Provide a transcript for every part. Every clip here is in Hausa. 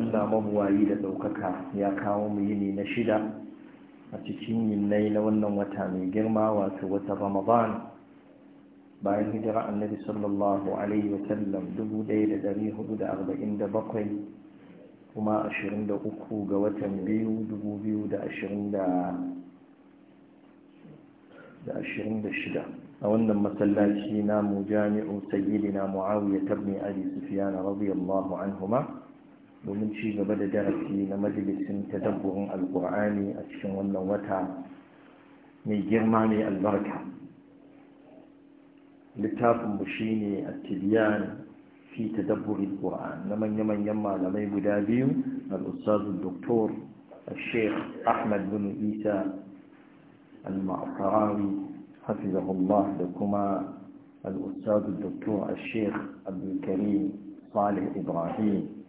Allah mabuwayi da ɗaukaka ya kawo mu yini na shida a cikin yinnai na wannan wata mai girma wato wata Ramadan bayan hijira annabi sallallahu alaihi wa sallam 1447 kuma 23 ga watan biyu 2026 a wannan masallaci namu jami'u sayyidina muawiya ibn abi sufyan radiyallahu anhuma domin ci gaba da darasi na majalisin tadabburin alkur'ani a cikin wannan wata mai girma mai albarka littafinmu shi ne a tibiyan fi tadabburin ƙur'an na manya-manyan malamai guda biyu al'ustazin doktor الشيخ أحمد bin Isa المعطراوي حفظه da kuma الأستاذ الدكتور الشيخ عبد Abdulkarim صالح Ibrahim.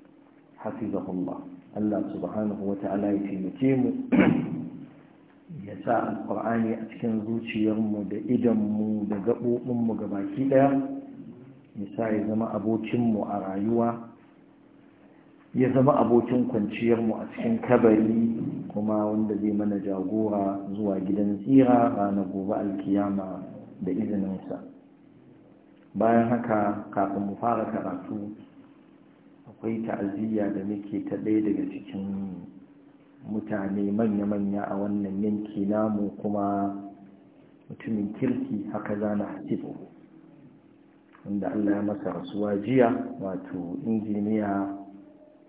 hafizahullah Allah subhanahu wa ta'ala ya taimake mu ya sa alƙur'ani a cikin zuciyarmu da idanmu da gaɓoɓinmu ga baki ɗaya ya sa ya zama abokinmu a rayuwa ya zama abokin kwanciyarmu a cikin kabari kuma wanda zai mana jagora zuwa gidan tsira ranar gobe alkiyama da izininsa bayan haka kafin mu fara karatu akwai ta'aziyya da muke ta ɗaya daga cikin mutane manya-manya a wannan yanki namu kuma mutumin kirki haka zana hatibu wanda allah ya masa rasuwa jiya wato injiniya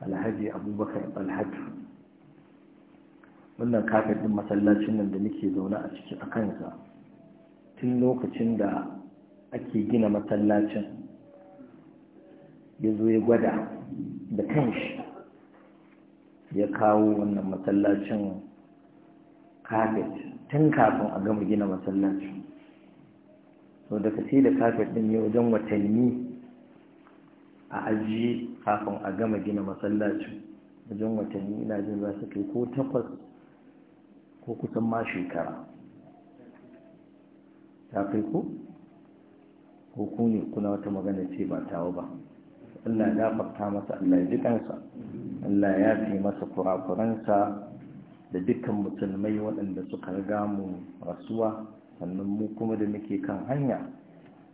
alhaji abubakar alhaji wannan kafin masallacin nan da muke zaune a ciki a kansa tun lokacin da ake gina masallacin ya zo ya gwada da kanshi ya kawo wannan masallacin kafet tun kafin a gama gina masallacin sau daga sai da kafet din ya wajen watanni a ajiye kafin a gama gina masallacin wajen watanni na jin za su kai ko takwas ko kusan ma shekara ta kai ko ko ku kuna wata magana ce ba tawo ba Allah ya gafarta masa Allah ya Allah ya fi masa kurakuransa da dukkan musulmai waɗanda suka riga mu rasuwa sannan mu kuma da muke kan hanya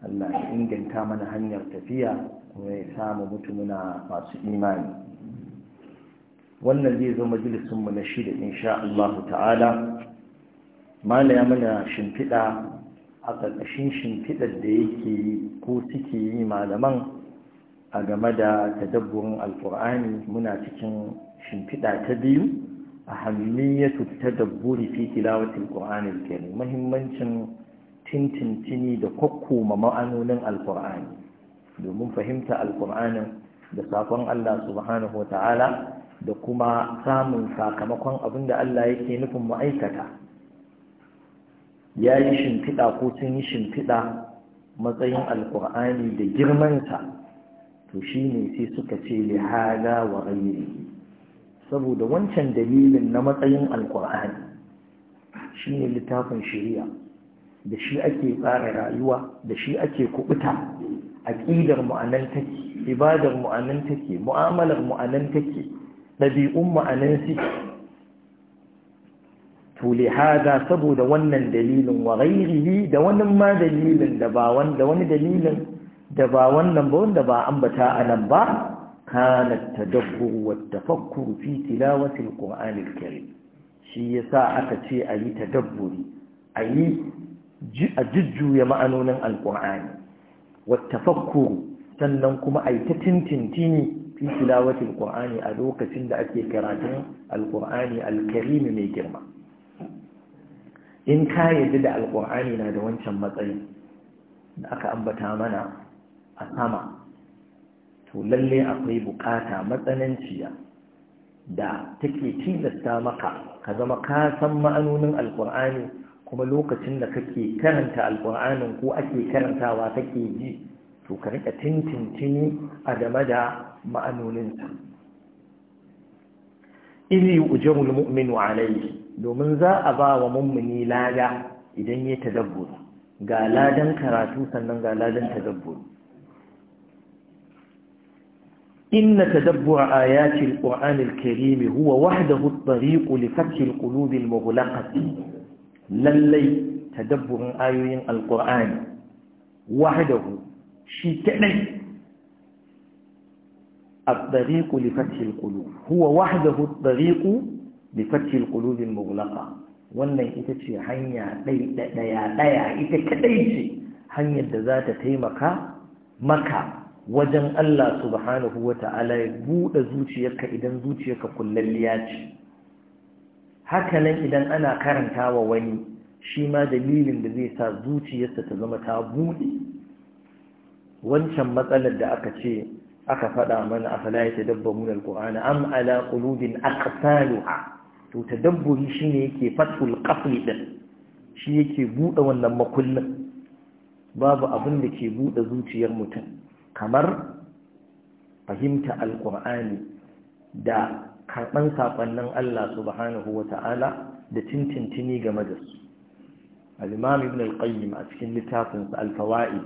Allah ya inganta mana hanyar tafiya kuma ya samu mutumuna masu imani wannan zai zo mu na shida insha Allah ta'ala mala ya mana shimfiɗa a ƙarƙashin shimfiɗar da yake ko suke yi malaman a game da tadabburin alkur'ani muna cikin shimfiɗa ta biyu a hamiliyatu tadabburi fi tilawatil qur'anil karim muhimmancin tintintini da kokkoma ma'anonin alkur'ani domin fahimta alkur'anin da sakon Allah subhanahu wata'ala da kuma samun sakamakon abin da Allah yake nufin ma'aikata ya yi shimfiɗa ko sun yi shimfiɗa matsayin alkur'ani da girmansa to shine sai suka ce lihaza wa ghairihi saboda wancan dalilin na matsayin alqur'ani shine littafin shirya da shi ake tsara rayuwa da shi ake kubuta a ƙidar anan take ibadar mu take mu'amalar mu take dabi'un maanan suke to lihada saboda wannan dalilin wa ghairihi da wani ma dalilin da ba wani dalilin da ba wannan ba wanda ba ambata a nan ba kana tadabbur wa tafakkuru fi tilawati alqur'ani alkarim shi yasa aka ce ayi yi tadabburi a yi a jujjuya ma'anonin alqur'ani wa tafakkuru sannan kuma ayi ta tintintini fi tilawati alqur'ani a lokacin da ake karatun alqur'ani alkarim mai girma in ka yarda da alqur'ani na da wancan matsayi da aka ambata mana a sama to lalle akwai bukata matsananciya da take tilasta maka ka zama ka san ma'anonin alkur'ani kuma lokacin da kake karanta alkur'anin ko ake karantawa kake ji to ka rika tintintini a game da ma'anoninsa ili ujirul mu'minu alayhi domin za a ba wa mummuni lada idan ya tadabbur ga ladan karatu sannan ga ladan tadabbur إن تدبر آيات القرآن الكريم هو وحده الطريق لفتح القلوب المغلقة للي تدبر آيين القرآن وحده شيء كأنه الطريق لفتح القلوب هو وحده الطريق لفتح القلوب المغلقة wannan ita ce hanya ɗaya ɗaya ita kaɗai ce hanyar da za ta taimaka maka wajen Allah subhanahu wa ta'ala ya buɗe zuciyarka idan zuciyarka kullalliya ce hakanan idan ana karanta wa wani shi ma dalilin da zai sa zuciyarsa ta zama ta buɗe wancan matsalar da aka ce aka faɗa mana afala ya tadabbarun alqur'ana am ala qulubin aqsaluha to shi ne yake fatul qafli din shi yake buɗe wannan makullin babu abin da ke buɗe zuciyar mutum kamar fahimta alƙur'ani da karɓan saƙonnin Allah subhanahu wa ta'ala da tintintini game da su al ibn al-qayyim a cikin littafinsa al-fawaid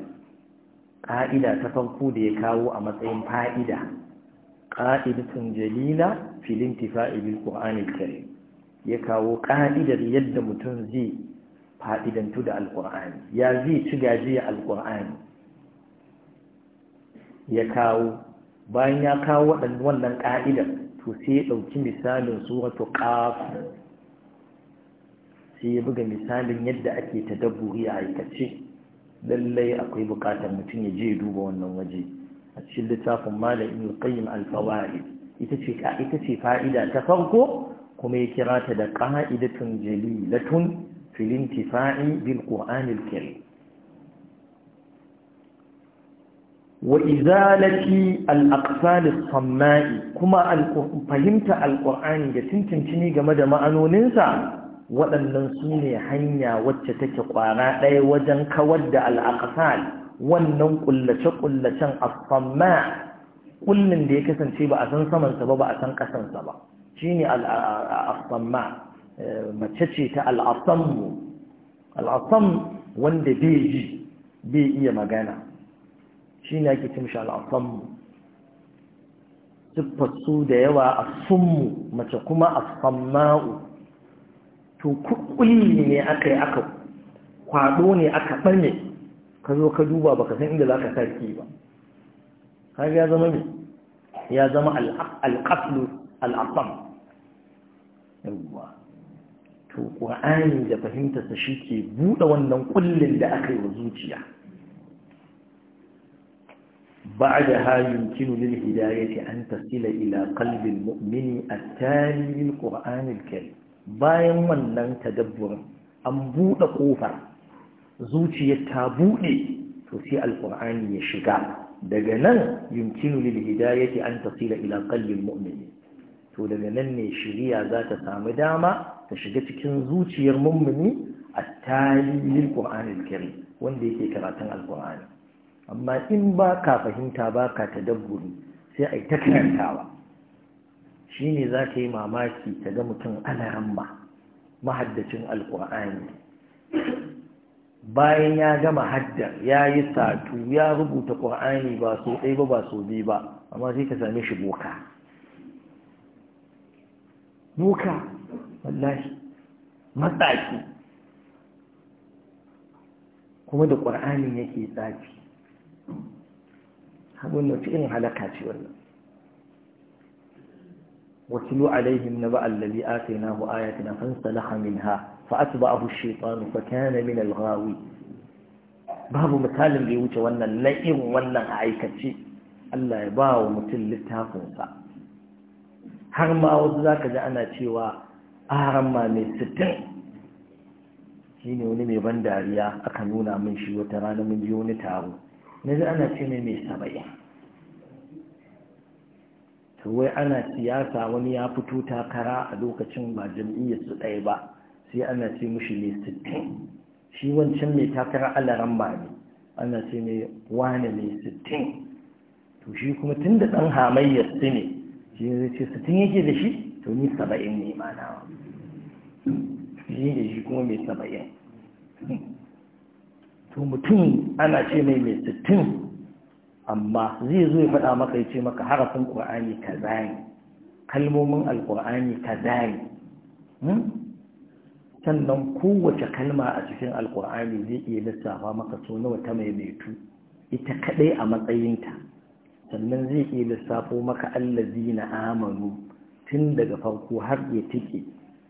ƙa'ida ta farko da ya kawo a matsayin fa'ida ƙa'idatun jalila filin tifa'i bil qur'anil karim ya kawo ƙa'idar yadda mutum zai fa'idantu da alƙur'ani ya zai ci gajiya alƙur'ani ya kawo bayan ya kawo wannan ƙa'idar to sai ya ɗauki misalin su wato ƙafu sai ya buga misalin yadda ake ta dabburi a aikace lallai akwai buƙatar mutum ya je duba wannan waje a cikin littafin malam in qayyim al ita ce fa'ida ta farko kuma ya kira ta da ƙa'idatun jalilatun Filin tifa’i bil qur'anil wa izalati al’aƙsali samma’i kuma fahimta al’ur'ani da tuntunci game da ma’anoninsa waɗannan su ne hanya wacce take ƙwara ɗaya wajen kawar da al’aƙsali wannan ƙullace-ƙullacen a samma ƙullin da ya kasance ba a san samansa ba ba a san ƙasansa ba shi ne al’aƙsamma eh, mace ce ta al’aƙsammu al’aƙsam wanda bai ji bai iya magana shi ne ake cimshi al'asammu siffatsu da yawa a sunmu mace kuma a samma'u to kukuli ne aka yi aka kwado ne aka ɓanye ka zo ka duba baka san inda za ka sarki ba har ya zama ne ya zama al'aflu al'afam yawwa to ƙwa'ani da fahimtarsa shi ke buɗe wannan kullum da aka yi wa zuciya بعدها يمكن للهداية أن تصل إلى قلب المؤمن التالي للقرآن الكريم bayan wannan ta tadabburin an buɗe ƙofar zuciyar ta buɗe to sai alƙur'ani ya shiga daga nan yumkinu lil hidayati an tasila ila kalbin mu'min to daga nan ne shiriya za ta samu dama ta shiga cikin zuciyar mu'mini a tali lil qur'anil karim wanda yake karatun alƙur'ani amma in ba ka fahimta ba ka ta dabburi sai a yi ta karantawa shi ne za ka yi mamaki ta ga mutum ana mahaddacin alƙur'ani bayan ya gama haddar ya yi satu ya rubuta ƙur'ani ba so ɗai ba ba so biyu ba amma sai ka same shi boka boka wallahi matsaki kuma da ƙur'ani yake tsaki abin da cikin halaka ce wannan واتلو na نبأ ha آتيناه آياتنا فانسلخ منها فأتبعه fa kyana min alghawi babu misalin da ya wuce wannan na irin wannan aikace Allah ya ba wa mutum littafinsa har ma wasu za ka ji ana cewa aran ma mai sittin shi ne wani mai ban dariya aka nuna min shi wata rana mun ji wani taro na ji ana ce mai mai saba'in wai ana siyasa wani ya fito takara a lokacin ba jam'iyyar su ɗaya ba sai ana ce mushi mai sittin shi wancan mai takara alaran ba ne ana ce mai wane mai sittin to shi kuma tun da ɗan hamayyar su ne shi ne ce sittin yake da shi to ni saba'in ne ma nawa shi ne shi kuma mai saba'in to mutum ana ce mai mai sittin amma zai zo ya faɗa maka ya ce maka harafin ƙur'ani ka zai kalmomin alƙwa'ani ka zai hmm? sannan kowace kalma a cikin alƙwa'ani zai iya lissafa maka so nawa ta mai baitu ita kaɗai a matsayinta sannan zai iya lissafo maka Allah na amanu tun daga farko har ya tike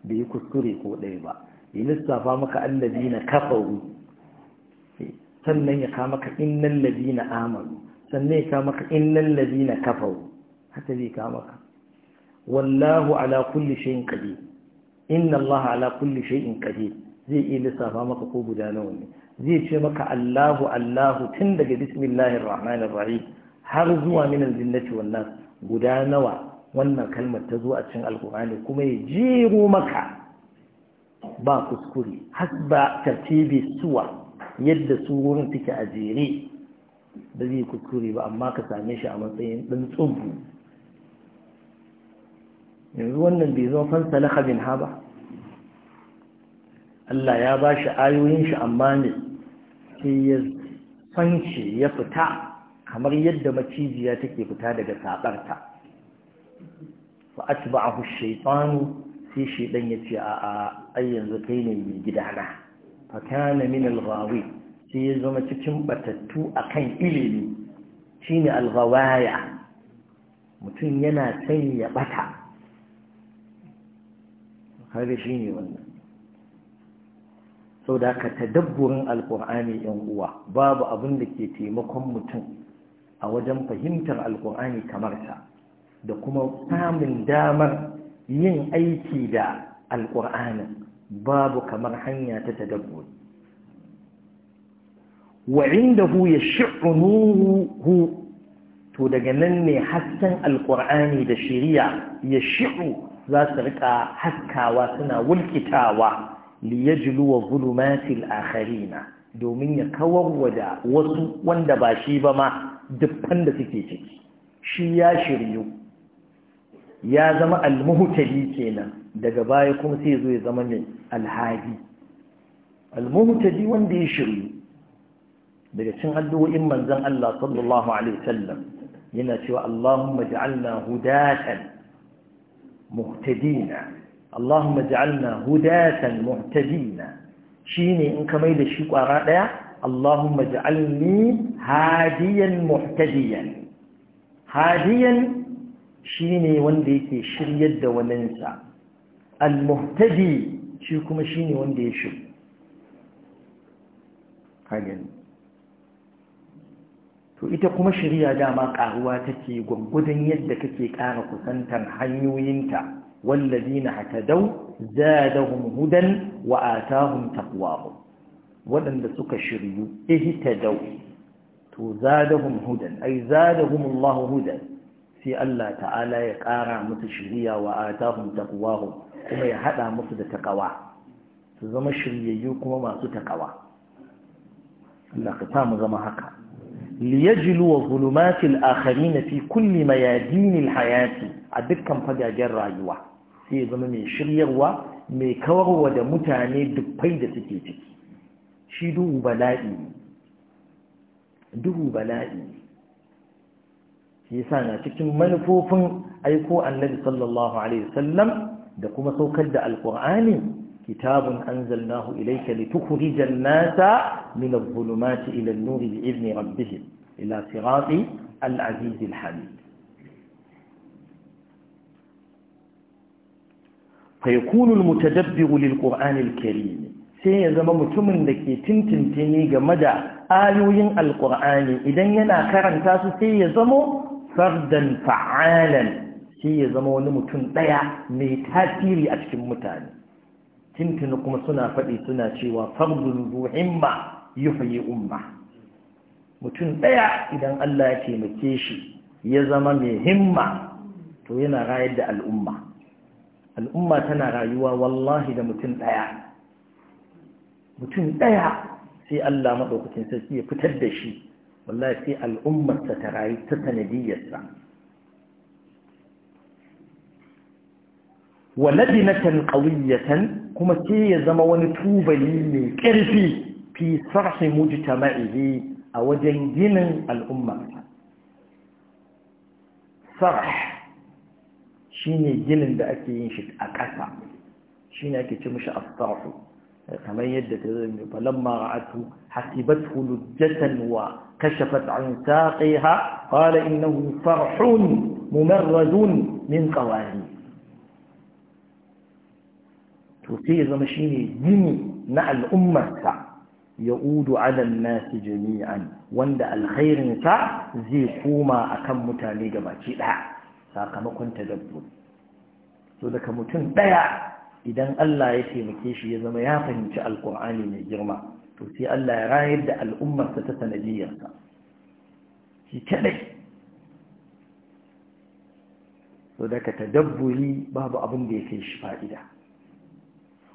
bai yi kuskure ko ɗaya ba ya lissafa maka Allah na kafaru sannan ya kama ka innal na amanu sannan ya kama ka innal na kafaru haka zai kama ka wallahu ala kulli shay'in qadir inna allaha ala kulli shay'in qadir zai iya lissafa maka ko guda nawa ne zai ce maka Allahu Allahu tun daga bismillahir rahmanir rahim har zuwa minan jinnati wannan guda nawa wannan kalmar ta zo a cikin alkur'ani kuma ya jero maka ba kuskure hasba tartibi suwa yadda su wurin suke a jere ba zai kuskure ba amma ka same shi a matsayin ɗan tsubu yanzu wannan bai zo fansa na habin ha ba Allah ya ba shi ayoyin shi amma ne sai ya fanci ya fita kamar yadda macijiya take fita daga saɓarta fa atba'ahu shaytanu sai shaydan ya ce a'a ai yanzu kai ne mai gidana fa kana min al sai ya zama cikin batattu akan ilimi shine al-ghawaya mutum yana sai ya bata kaga shine wannan sau da ka tadabburin alkur'ani yan uwa babu abin da ke taimakon mutum a wajen fahimtar alkur'ani kamar sa da kuma samun damar yin aiki da alkur'anin babu kamar hanya ta tadabbur wa indahu yash'u nuruhu to daga nan ne hasken alqur'ani da shari'a yash'u za su rika haskawa suna wulkitawa liyajluwa zulumatil akharina domin ya kawar wasu wanda ba shi ba ma dukkan da suke ciki shi ya shiryu ya zama almuhtadi kenan daga baya kuma sai zo ya zama ne alhadi almuhtadi wanda ya shiru daga cin addu'o'in manzon Allah sallallahu alaihi wasallam yana cewa Allahumma ja'alna hudatan muhtadina Allahumma ja'alna hudatan muhtadina shine in ka mai da shi kwara daya Allahumma ja'alni hadiyan muhtadiyan hadiyan shine wanda yake shiryar da waninsa al-muhtadi shi kuma shine wanda ya shi kagani to ita kuma shari'a dama karuwa take gwaggwadon yadda kake kara kusantar hanyoyinta والذين هتدوا زادهم هدى وآتاهم تقواهم ولن سك شريوا اهتدوا زادهم هدى أي Sai Allah Ta'ala ya kara تعالى يقارع متشريا وآتاهم تقواهم kuma ya haɗa musu da taƙawa su zama shiryayyu kuma masu takawa Allah ka samu zama haka liyajilu wa zulumatil akharina fi kulli mayadinil hayati a dukkan fagagen rayuwa sai ya zama mai shiryarwa mai kawarwa da mutane dukkai da suke ciki shi duhu bala'i duhu bala'i yasa na cikin manufofin aiko annabi sallallahu alaihi wasallam da kuma saukar da alƙur'ani kitabun anzalnahu ilayka litukhrijan nasa min adh-dhulumati ila an-nuri bi'izni rabbihim ila sirati al-aziz al-hamid فيكون المتدبر للقرآن الكريم sai ya zama mutumin da ke tintintini game da ayoyin alkur'ani idan yana karanta su sai ya zama fardan fa'alan shi ya zama wani mutum ɗaya mai tasiri a cikin mutane tintini kuma suna faɗi suna cewa fardun yi yuhyi umma mutum ɗaya idan Allah ya taimake shi ya zama mai himma to yana rayar da al'umma al'umma tana rayuwa wallahi da mutum ɗaya mutum ɗaya sai Allah maɗaukacin sarki ya fitar da shi wallahi sai al'ummarsa ta rayu ta sanadiyarsa na ladinatan ƙawiyyatan kuma ke ya zama wani tubali mai ƙarfi fi sarhi mujtama'ihi a wajen ginin al'umma sarh shine ginin da ake yin shi a ƙasa shine ake ci mashi a sarh kamar yadda ta zai falamma ra'atu hasibathu hulujjatan wa kashafat an saqiha qala innahu sarhun mumarrazun min qawari to sai ya zama shine gini na al'ummarsa ya udu alan nasi jami'an wanda alkhairinsa zai koma akan mutane ga baki ɗaya sakamakon tadabbur so daga mutum ɗaya idan Allah ya taimake shi ya zama ya fahimci alkur'ani mai girma to sai Allah ya rayar da al'ummarsa ta sanadiyarsa shi kadai so daga tadabburi babu abin da ya kai shi fa'ida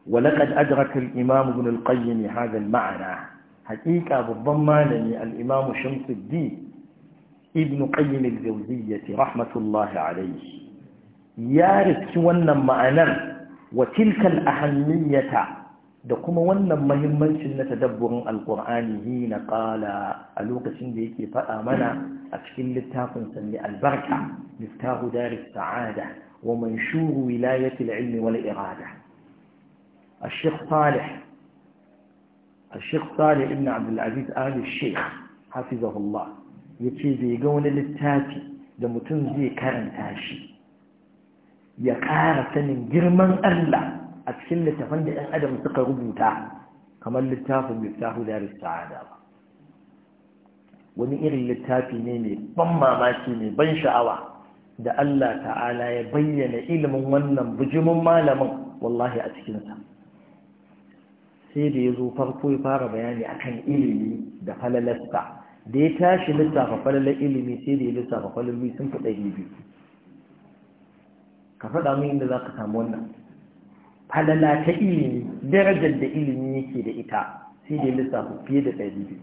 ولقد أدرك الإمام ابن القيم هذا المعنى حقيقة بالضمانني الإمام شمس الدين ابن قيم الجوزية رحمة الله عليه wannan ma'anar معنى وتلك الأهمية da kuma wannan mahimmancin na tadabburin alkur'ani hina qala a lokacin da yake faɗa mana a cikin littafin sanni albarka miftahu daris sa'ada wa manshuru wilayati ilmi wal irada الشيخ صالح الشيخ صالح ابن عبد العزيز آل الشيخ حفظه الله يتي بيقون للتاتي da mutum zai karanta shi ya kara sanin girman Allah a cikin littattafan da ‘yan adam suka rubuta kamar littafin littafi da sa'ada ba wani irin littafi ne mai ban mamaki mai ban sha'awa da Allah ta'ala ya bayyana ilimin wannan bijimin malamin wallahi a cikinsa sai da ya zo farko ya fara bayani akan ilimi da falalasta da ya tashi lissafa falalar ilimi sai da ya lissafa falaloli sun fi ɗari biyu ka faɗa mu inda za ka samu wannan falala ta ilimi darajar da ilimi yake da ita sai da ya lissafa fiye da ɗari biyu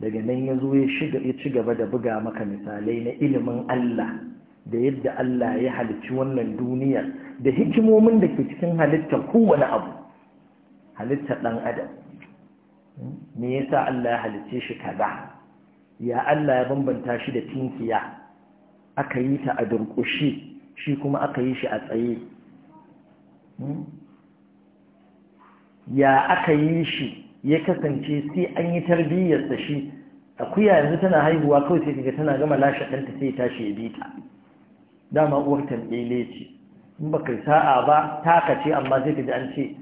daga nan ya zo ya ci gaba da buga maka misalai na ilimin Allah da yadda Allah ya halicci wannan duniya da hikimomin da ke cikin halittar kowane abu halittar ɗan adam me yasa Allah ya halicce shi kaza ya Allah ya bambanta shi da tinkiya aka yi ta a durƙushi shi kuma aka yi shi a tsaye ya aka yi shi ya kasance sai an yi tarbiyyarsa shi akuya yanzu tana haihuwa kawai sai kaga tana gama lashe ɗanta sai tashi ya bi ta dama uwar tambaye ce in baka kai sa'a ba taka ce amma sai ta ji an ce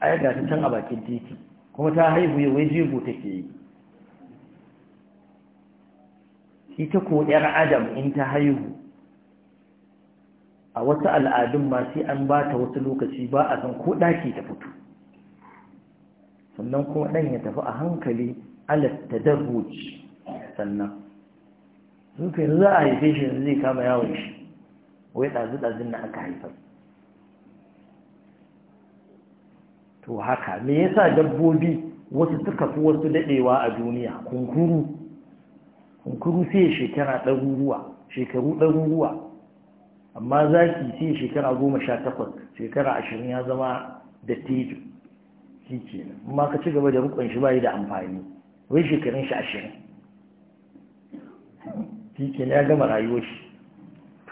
a yi ta can a bakin titi kuma ta haihu ya wai jego take yi ita ko yar adam in ta haihu a wasu al'adun ma sai an ba ta wasu lokaci ba a san ko ɗaki ta fito sannan kuma ɗan ya tafi a hankali alas ta sannan zuka kai za a haife shi zai kama yawon shi wai ɗazu-ɗazun na aka haifar to haka me yasa dabbobi wasu suka fi wasu daɗewa a duniya kunkuru kunkuru sai shekara ɗaruruwa shekaru ɗaruruwa amma zaki sai shekara goma sha takwas shekara ashirin ya zama da teju shi ke amma ka ci gaba da rukun shi bayi da amfani wai shekarun shi ashirin shi ke ya gama rayuwar shi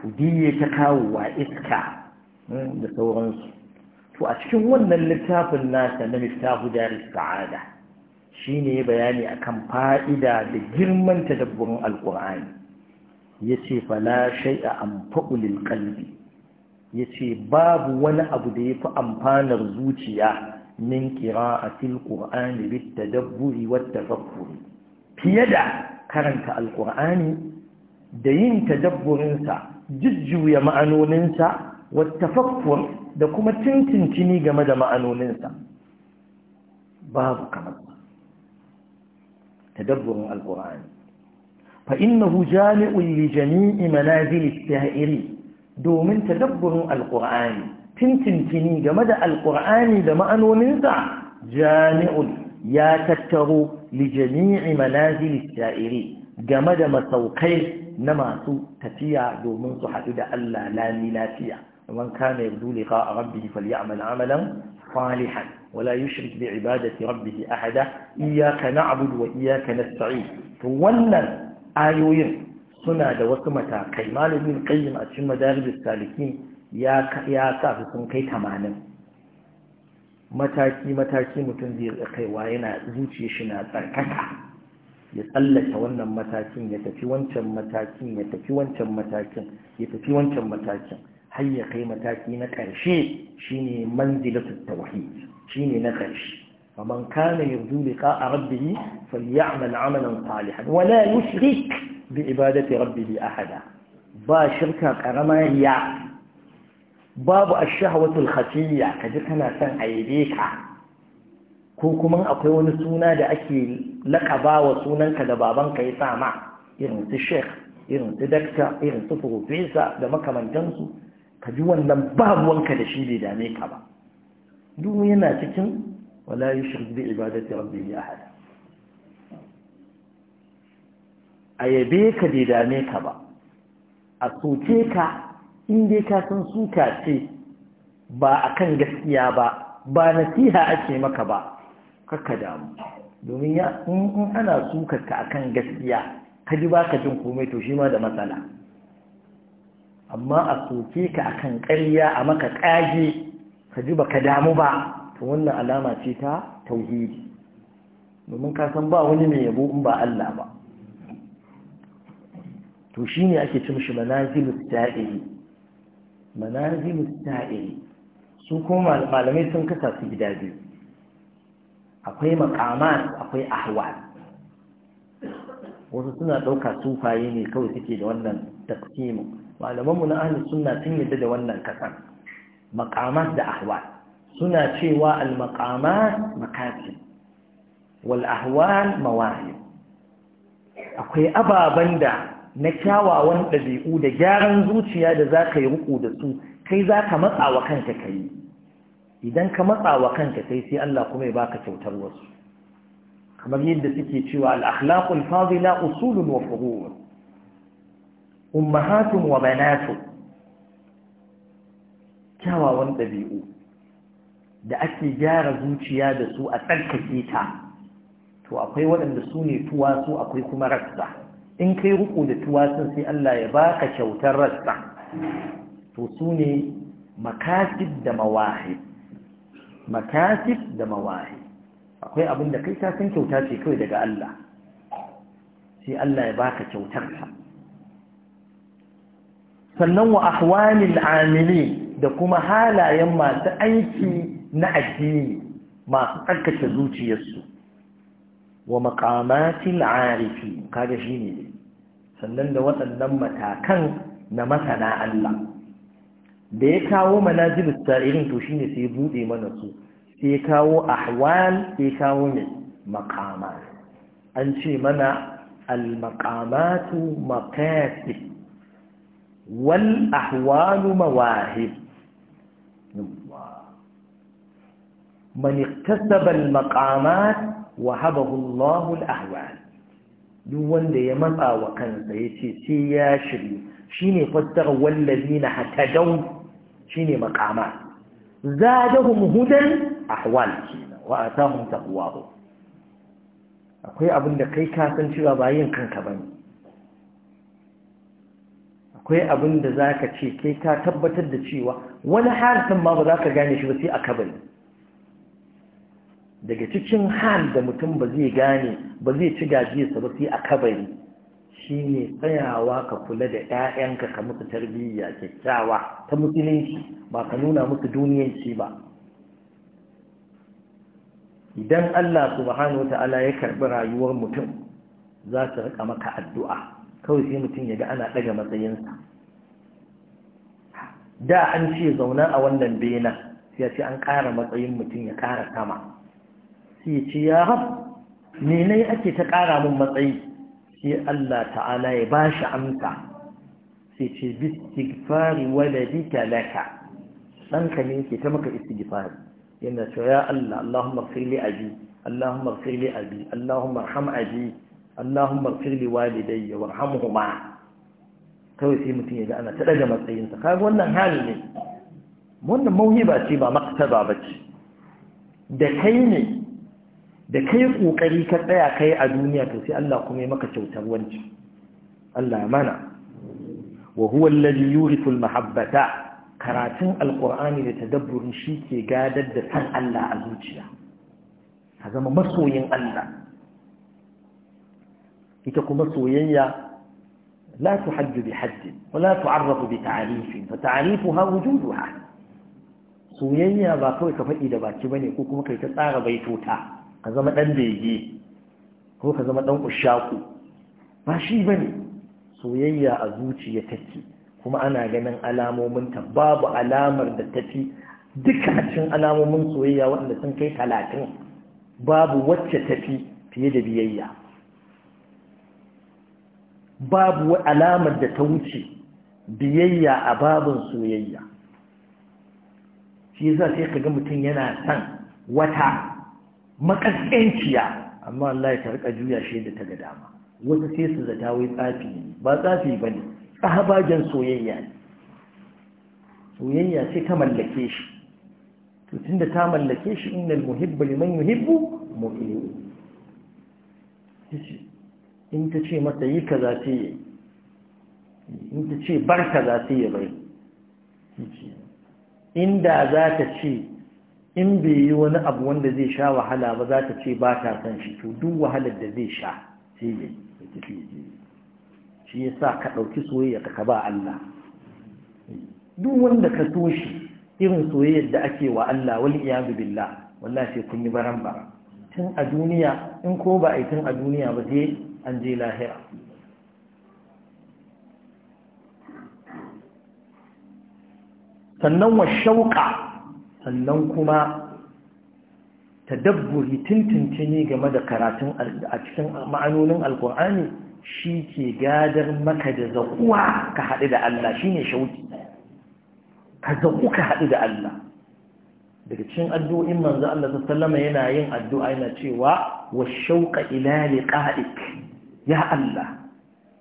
to diye ta wa iska hmm, da sauransu to a cikin wannan littafin nasa na miftahu daris sa'ada shine bayani a kan fa'ida da girman tadabburin Ya yace fala a anfa'u kalbi. Ya yace babu wani abu da ya fi amfanar zuciya min qira'atil qur'ani bit tadabburi wat tafakkuri fiye da karanta alqur'ani da yin tadabburin jujjuya ma'anoninsa wattafakkur da kuma tuntuntuni game da ma'anoninsa babu kamar tadabburin alqur'ani fa innahu jami'un li jami'i manazil as-sa'iri domin tadabburin alqur'ani tuntuntuni game da alqur'ani da ma'anoninsa jami'un ya tattaro li jami'i manazil as-sa'iri game da masaukai na masu tafiya domin su haɗu da Allah lami lafiya man kana yardu liqa rabbihi falyamal amalan salihan wala yushrik bi ibadati rabbihi ahada iyyaka na'budu wa iyyaka nasta'in to wannan ayoyin suna da wasu matakai malamin qayyim a cikin madarijus salikin ya ya sa su sun kai 80 mataki mataki mutum zai kaiwa yana zuciyar shi na tsarkaka ya tsallaka wannan matakin ya tafi wancan matakin ya tafi wancan matakin ya tafi wancan matakin har ya kai mataki na ƙarshe shine manzilatu tawhid shine na ƙarshe mankana kana yurdu liqa rabbihi falyamal amalan salihan wa la yushrik bi ibadati rabbihi ahada ba shirka karama ya babu ash-shahwatu al-khafiyya kaji kana san aibeka ko kuma akwai wani suna da ake laƙaba wa sunanka da babanka ya sama irin su sheikh irin su dakta irin su profesa da makamantansu ka ji wannan babuwanka da shi bai dame ka ba duk yana cikin wala yushrik bi ibadati rabbihi A yabe ka bai dame ka ba a soke ka in dai ka san suka ce ba akan gaskiya ba ba nasiha ake maka ba kakka damu domin ya in ana sukar ka akan gaskiya ka ji ba ka jin komai to shi ma da matsala amma a soke ka akan ƙarya a maka ƙage ka ba ka damu ba to wannan alama ce ta tauhidi domin ka san ba wani mai yabo in ba Allah ba to shi ne ake cin shi manazilus ta'iri manazilus ta'iri su kuma malamai sun kasa su gida biyu akwai makaman akwai ahwal wasu suna ɗauka sufaye ne kawai suke da wannan taqsimu malamanmu na ahli sunna sun yadda da wannan kasan maqamat da ahwal suna cewa al maqamat wal ahwal mawahib akwai ababan da na kyawawan ɗabi'u da gyaran zuciya da za ka yi ruƙu da su kai za ka matsa wa kanka ka yi idan ka matsa wa kanka sai sai Allah kuma ya baka kyautar wasu kamar yadda suke cewa al-akhlaqul fadila usulun wa furu'un ummahatun wa banatun kyawawan ɗabi'u da ake gyara zuciya da su a tsarkake ta to akwai waɗanda su ne tuwasu akwai kuma rassa in kai ruku da tuwasun sai Allah ya baka kyautar rassa to su ne makasid da mawahib makasif da mawahi akwai abin da kai ta kyauta ce kawai daga Allah sai Allah ya baka kyautar kyautarsa sannan wa ahwalil amili da kuma halayen masu aiki na addini masu tsarkake zuciyarsu wa maqamatil arifi kaga shine sannan da waɗannan matakan na masana Allah da ya kawo manazilus sa'irin to shine sai ya bude mana su sai ya kawo ahwal sai ya kawo ne maqamat an ce mana al maqamatu maqati wal ahwal mawahib man iktasaba al maqamat من اكتسب المقامات وهبه الله الأهوال دون دي يمطع وكان سيتي سيا شري شيني فسر والذين هتدوا shine maqama zadahum a ahwal wa atahum ba. akwai abin da kai ka san cewa ba yin kanka bane akwai abin da zaka ce kai ka tabbatar da cewa wani harfin ma ba za ka gane shi ba sai a kabari daga cikin hal da mutum ba zai gane ba zai ci gajiyarsa ba sai a kabari shine tsayawa ka kula da 'ya'yanka ka musu tarbiyya kyakkyawa ta musulunci ba ka nuna musu duniyanci ba idan Allah subhanahu ta'ala ya karbi rayuwar mutum za su rika maka addu'a kawai sai mutum ya ga ana ɗaga matsayinsa da an ce zauna a wannan bena sai ce an ƙara matsayin mutum ya ƙara sama sai ya ce ya haf ne ake ta ƙara min matsayi sai Allah ta'ala ya ba shi amsa sai ce bistighfari waladika laka ɗanka ne ke ta maka istighfari yana cewa ya Allah Allahumma ighfir li abi Allahumma ighfir li abi Allahumma arham abi Allahumma ighfir li walidayya warhamhuma kawai sai mutum ya ga ana ta daga matsayinsa kaga wannan hali ne wannan mauhiba ce ba maktaba bace da kai ne da kai kokari ka tsaya kai a duniya to sai Allah kuma ya maka kyautar wanci Allah mana wa huwa alladhi yurithu almahabbata karatun alqur'ani da tadabburin shi ke gadar da san Allah a zuciya ka zama masoyin Allah ita kuma soyayya لا تحد بحد ولا تعرض بتعريف فتعريفها وجودها soyayya ba kawai ka faɗi da baki bane ko kuma kai ta tsara baitota ka zama ɗan bege ko ka zama ɗan ushaku ba shi ba ne soyayya a zuciya take kuma ana ganin alamominta babu alamar da tafi duka cikin alamomin soyayya waɗanda sun kai talatin babu wacce tafi fiye da biyayya babu alamar da ta wuce biyayya a babin soyayya shi za sai ka ga mutum yana san wata makaskanciya amma Allah ya tarka juya shi da ta ga dama wasu sai su zata wai tsafi ba tsafi ba ne tsabagen soyayya ne soyayya sai ta mallake shi to tunda ta mallake shi innal muhibbu liman yuhibbu mu'min in ta ce masa yi kaza sai yi in ta ce bar za ta yi bai inda za ta ce in bai yi wani abu wanda zai sha wahala ba za ta ce ba ta san shi to duk wahalar da zai sha sai ya tafi shi ya sa ka ɗauki soyayya ka ba Allah duk wanda ka so shi irin soyayyar da ake wa Allah wal iyadu billah sai kun yi baran bara tun a duniya in ko ba a yi tun a duniya ba sai an je lahira sannan wa shauƙa sannan kuma tadabburi tuntuntuni game da karatun a cikin ma'anonin alkur'ani shi ke gadar maka da zakuwa ka haɗu da Allah shi ne shauki ka zaku ka haɗu da Allah daga cikin addu'o'in manzo Allah sallama yana yin addu'a yana cewa wa shauqa ila liqa'ik ya Allah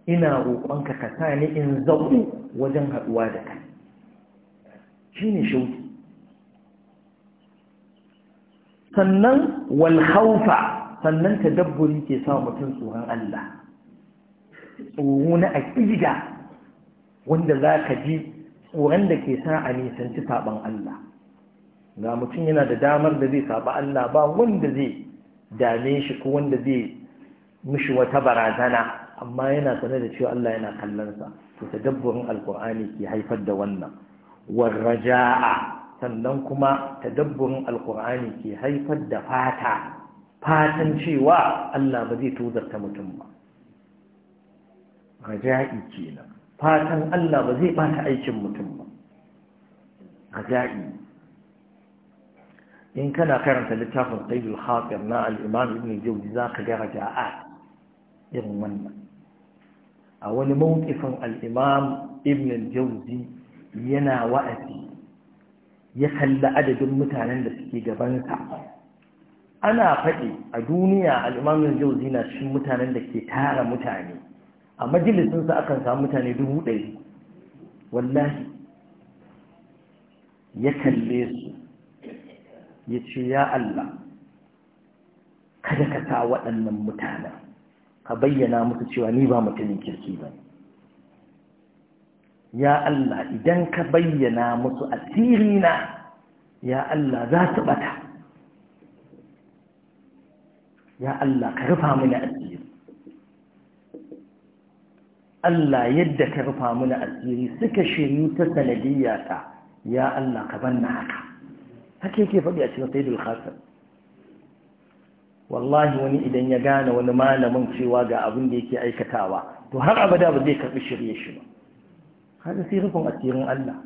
ina roƙonka ka sa ni in zaku wajen haɗuwa da kai ne shauki sannan walhaufa sannan tadabburi ke sa mutum tsoron Allah tsoro na aƙida wanda za ka ji tsoron da ke sa a nisanci saɓan Allah ga mutum yana da damar da zai saɓa Allah ba wanda zai dame shi ko wanda zai mishi wata barazana amma yana sanar da cewa Allah yana kallonsa to tadabburin alkur'ani ke haifar da wannan warraja'a sannan kuma tadabburin alkur'ani ke haifar da fata fatan cewa Allah ba zai tozarta mutum ba raja'i kenan fatan Allah ba zai bata aikin mutum ba raja'i in kana karanta littafin qaidul khatir na al-imam ibn jawzi zaka ga raja'at irin wannan a wani mawqifin al-imam ibn jawzi yana wa'azi ya kalli adadin mutanen da suke gabansa ana faɗi a duniya al'ummar jauzi na cikin mutanen da ke tara mutane a majalisinsa akan samu mutane dubu ɗari wallahi ya kalle su ya ce ya Allah kada ka sa waɗannan mutanen ka bayyana musu cewa ni ba mutumin kirki ba ne ya Allah idan ka bayyana musu asirina ya Allah za su bata ya Allah ka rufa mana asiri Allah yadda ka rufa mana asiri suka shiryu ta sanadiyya ta ya Allah ka banna haka haka yake faɗi a cikin sayyidul wallahi wani idan ya gane wani malamin cewa ga abin da yake aikatawa to har abada ba zai karɓi shirye shi ba kaga sai rufin asirin Allah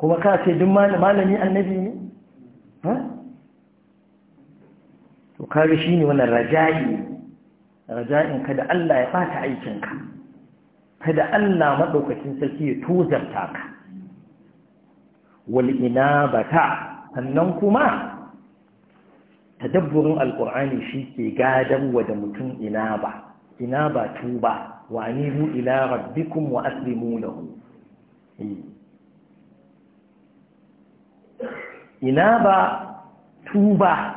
kuma ka ce duk malami annabi ne to kaga shine wannan raja'i raja'in kada Allah ya bata aikinka kada Allah maɗaukacin sarki ya tozarta ka wal inabata sannan kuma tadabburin alqur'ani shi ke wa da mutum inaba ba tuba wa anibu ila rabbikum wa aslimu lahu ina ba tuba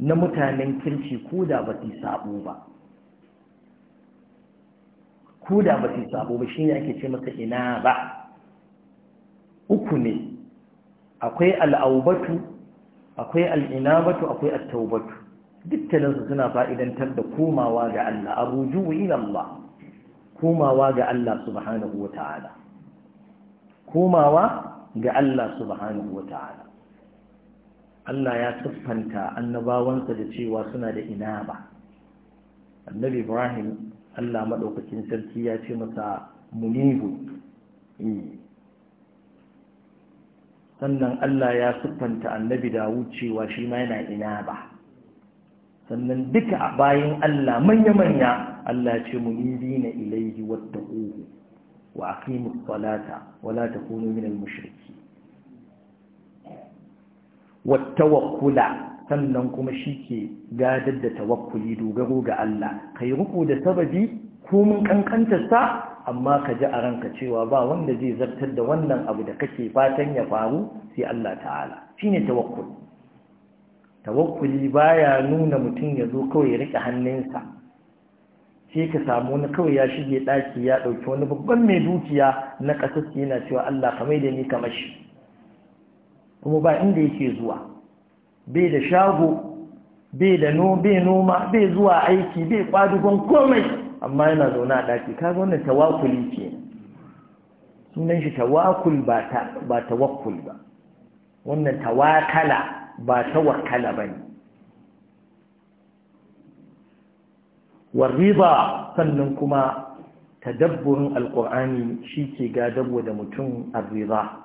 na mutanen kirki ko da ba su sabo ba ko da ba su sabo ba shi ake ce masa ina ba uku ne akwai al'aubatu akwai al'inabatu akwai attaubatu dukkaninsu suna fa'idantar da komawa ga Allah abuju ila Allah komawa ga Allah subhanahu wa ta'ala komawa ga Allah subhanahu wa ta'ala Allah ya siffanta annabawansa da cewa suna da inaba annabi Ibrahim Allah maɗaukakin sarki ya ce masa munibu eh. sannan Allah ya siffanta annabi Dawud cewa shi ma yana inaba sannan duka a bayan Allah manya-manya Allah ce munibi na ilaihi wata uku. وأقيموا الصلاة ولا تكونوا من المشركين والتوكل sannan kuma shi ke gadar da tawakkuli dogaro ga Allah kai ruku da sababi komin kankantarsa amma ka ji a ranka cewa ba wanda zai zartar da wannan abu da kake fatan ya faru sai Allah ta'ala shine tawakkuli ba baya nuna mutum ya zo kawai ya rike hannunsa sai ka samu wani kawai ya shige ɗaki ya ɗauki wani babban mai dukiya na ƙasar yana cewa Allah ka mai da ni kamar shi kuma ba inda yake zuwa bai da shago bai da noma bai zuwa aiki bai kwadugon komai amma yana zaune a ɗaki Ka zo wannan tawakuli ke sunan shi tawakul ba tawakul ba wannan tawakala ba tawakala ba ne. warriba sannan kuma tadabburin alkur'ani shi ke gadarwa da mutum arriba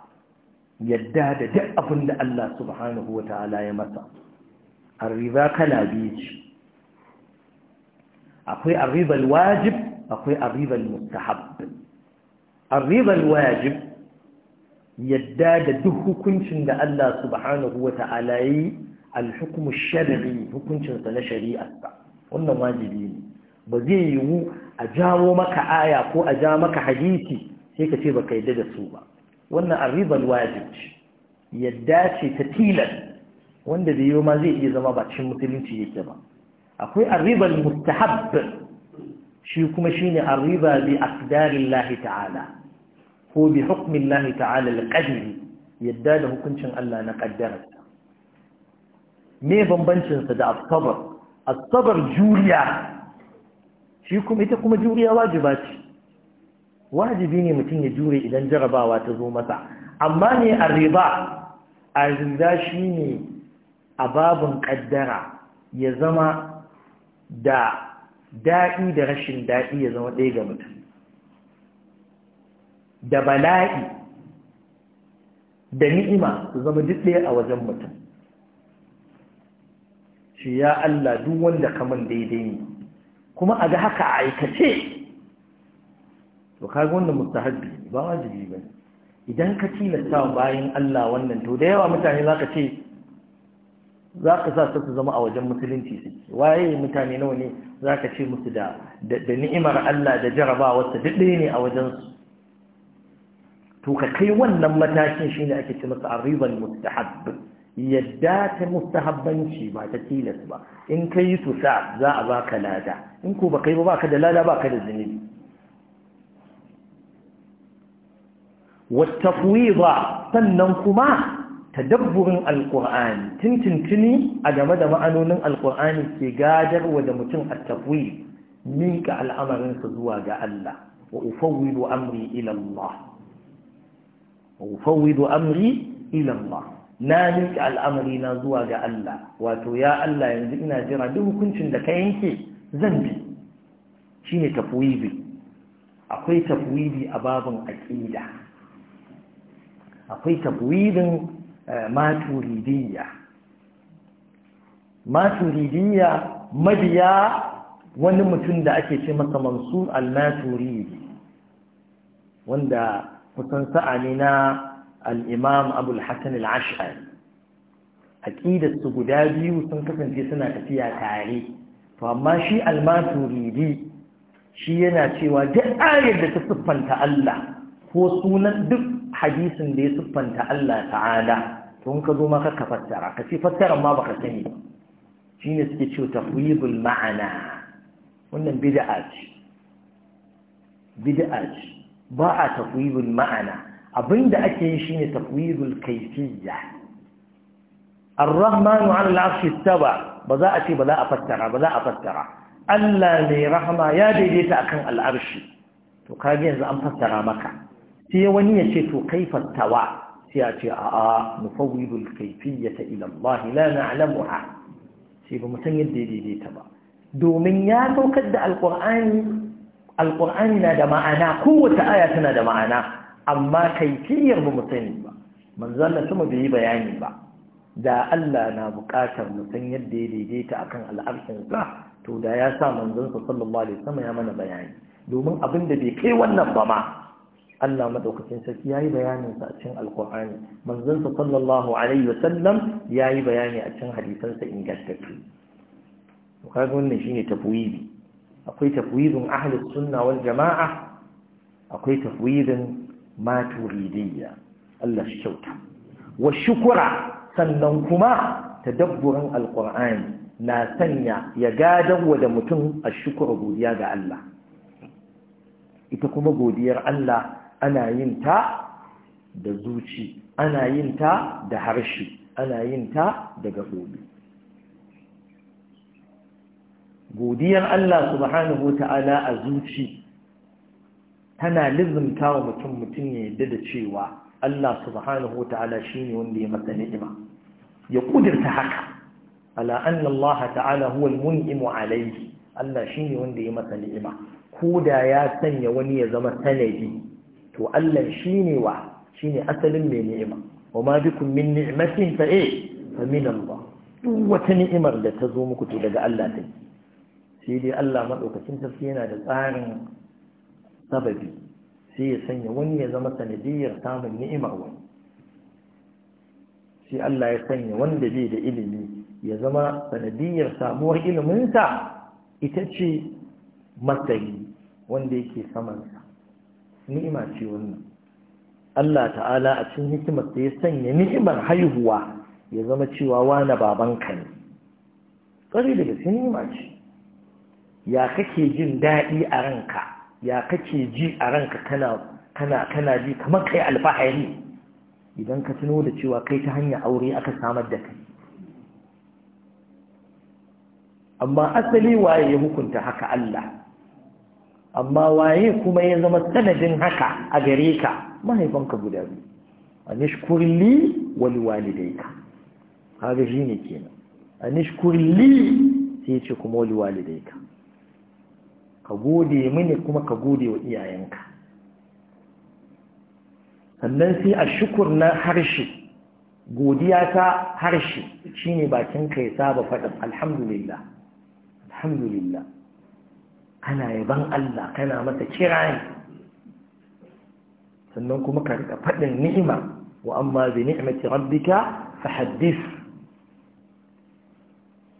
yadda da duk abin da Allah subhanahu wa ta'ala ya masa arriba kala biyu ce akwai arribal wajib akwai arribal mustahab arribal wajib yadda da duk hukuncin da Allah subhanahu wa ta'ala yi alhukumu shari'i hukuncinsa na shari'arsa wannan wajibi ne ba zai yiwu a jawo maka aya ko a ja maka hadisi sai ka ce ba ka yadda da su ba wannan arribal wajib ce yadda ce ta tilas wanda da yiwu ma zai iya zama ba cin musulunci yake ba akwai arribal mustahab shi kuma shine arriba bi aqdarillahi ta'ala ko bi hukmillahi ta'ala al-qadri yadda da hukuncin Allah na ƙaddararsa me bambancinsa sa da asabar asabar juriya shi kuma ita kuma juriya wajiba ce wajibi ne mutum ya jure idan jarabawa ta zo masa amma ne a riba a riba shi ne a babin ƙaddara ya zama da daɗi da rashin daɗi ya zama ɗaya ga mutum da bala'i da ni'ima su zama duk ɗaya a wajen mutum shi ya Allah duk wanda kaman daidai ne kuma a ga haka a aikace to kaga wannan mustahabbi ba wajibi ba idan ka tilasta bayan Allah wannan to da yawa mutane za ka ce za ka sa su zama a wajen musulunci su waye mutane nawa ne za ka ce musu da da ni'imar Allah da jarabawarsa duk ɗaya ne a wajen su to ka kai wannan matakin shine ake ce masa arriban mustahabbi yadda ta mustahabbanci ba ta tilas ba in ka yi su sa za a baka lada in ko ba kai ba baka da lada ka da zunubi ba sannan kuma ta dabburin alkur'ani tintintini a game da ma'anonin alqur'ani ke wa da mutum a attafwi minka al'amarinsa zuwa ga Allah wa ufawwidu amri ila wa amri ila na miƙa al'amari na zuwa ga Allah wato ya Allah yanzu ina jira duk hukuncin da ka yanke zan bi shine tafwidi akwai tafwidi a babin aqida akwai tafwidin eh, maturidiyya maturidiyya mabiya wani mutum da ake ce masa mansur al-maturidi wanda kusan sa'a ne na al'imam abul hassan aƙidar su guda biyu sun kasance suna tafiya tare to amma shi almaturidi shi yana cewa duk ayar da ta siffanta Allah ko sunan duk hadisin da ya siffanta Allah ta'ala to in ka zo maka ka fassara ka ce ma baka sani shine suke cewa tafwidul ma'ana wannan bid'a ce bid'a ce ba a tafwidul ma'ana Abin da ake yi shine tafwidul kaifiyya ar-rahmanu 'ala al-'arshi istawa ba za a ce ba za a fassara ba za a fattara. Allah mai rahama ya daidaita akan al'arshi. to kage yanzu an fattara maka sai wani ya ce to kai fattawa sai a ce a'a mufawwidul kayfiyyata ta Allah la na'lamuha sai ba mutan yadda ya daidaita ba domin ya saukar da alqur'ani alqur'ani na da ma'ana kowace aya tana da ma'ana amma kaifiyar ba mu sani ba manzo Allah kuma bai yi bayani ba da Allah na buƙatar mu san yadda ya daidaita akan al'arshin sa to da ya sa manzon sallallahu alaihi wasallam ya mana bayani domin abin da bai kai wannan ba ma Allah madaukakin sarki yayi bayanin sa a cikin alqur'ani manzon sallallahu alaihi wasallam yayi bayani a cikin hadisan sa ingantacce to kaga wannan shine tafwidi akwai tafwidin ahlus sunna wal jama'a akwai tafwidin maturidiyya Allah shi kyauta wa shukura sannan kuma tadabburin alqur'ani na sanya ya gadawa da mutum a shukura godiya ga Allah ita kuma godiyar Allah ana yin ta da zuci ana yin ta da harshe ana yin ta da gaɓoɓi godiyar Allah subhanahu ta'ala a zuci tana lizumta wa mutum mutum ya yadda da cewa Allah subhanahu wa ta'ala shine wanda ya masa ni'ima ya ƙudirta haka ala anna Allah ta'ala huwa al-mun'imu alaihi Allah shine wanda ya masa ni'ima ko da ya sanya wani ya zama sanadi to Allah shine wa shine asalin mai ni'ima wa ma bikum min ni'matin fa e? fa min Allah duk wata ni'imar da ta zo muku to daga Allah take sai dai Allah madaukakin sarki yana da tsarin sababi sai ya sanya wani ya zama sanadiyar samun ni'imar wani sai Allah ya sanya wanda bai da ilimi ya zama sanadiyar samuwar iliminsa ita ce matsayi wanda yake samansa ni'ima ce wannan Allah ta'ala a cikin hikimar ya sanya ni'imar haihuwa ya zama cewa wani babanka ne ƙari da gaske ni'ima ce ya kake jin daɗi a ranka ya kake ji a ranka kana kana kana ji kamar kai alfahari idan ka tuno da cewa kai ta hanyar aure aka samar da kai amma asali waye ya hukunta haka Allah amma waye kuma ya zama sanadin haka a gare ka mahaifanka guda biyu anishkur li wa haka shine kenan anishkur li sai ce kuma wa walidaika ka gode mini kuma ka gode wa iyayenka sannan sai a shukur na harshe godiya ta harshe shine bakin ka ya saba faɗin alhamdulillah alhamdulillah kana yaban Allah kana masa kirani sannan kuma ka rika faɗin ni'ima wa amma bi ni'mati rabbika fahaddith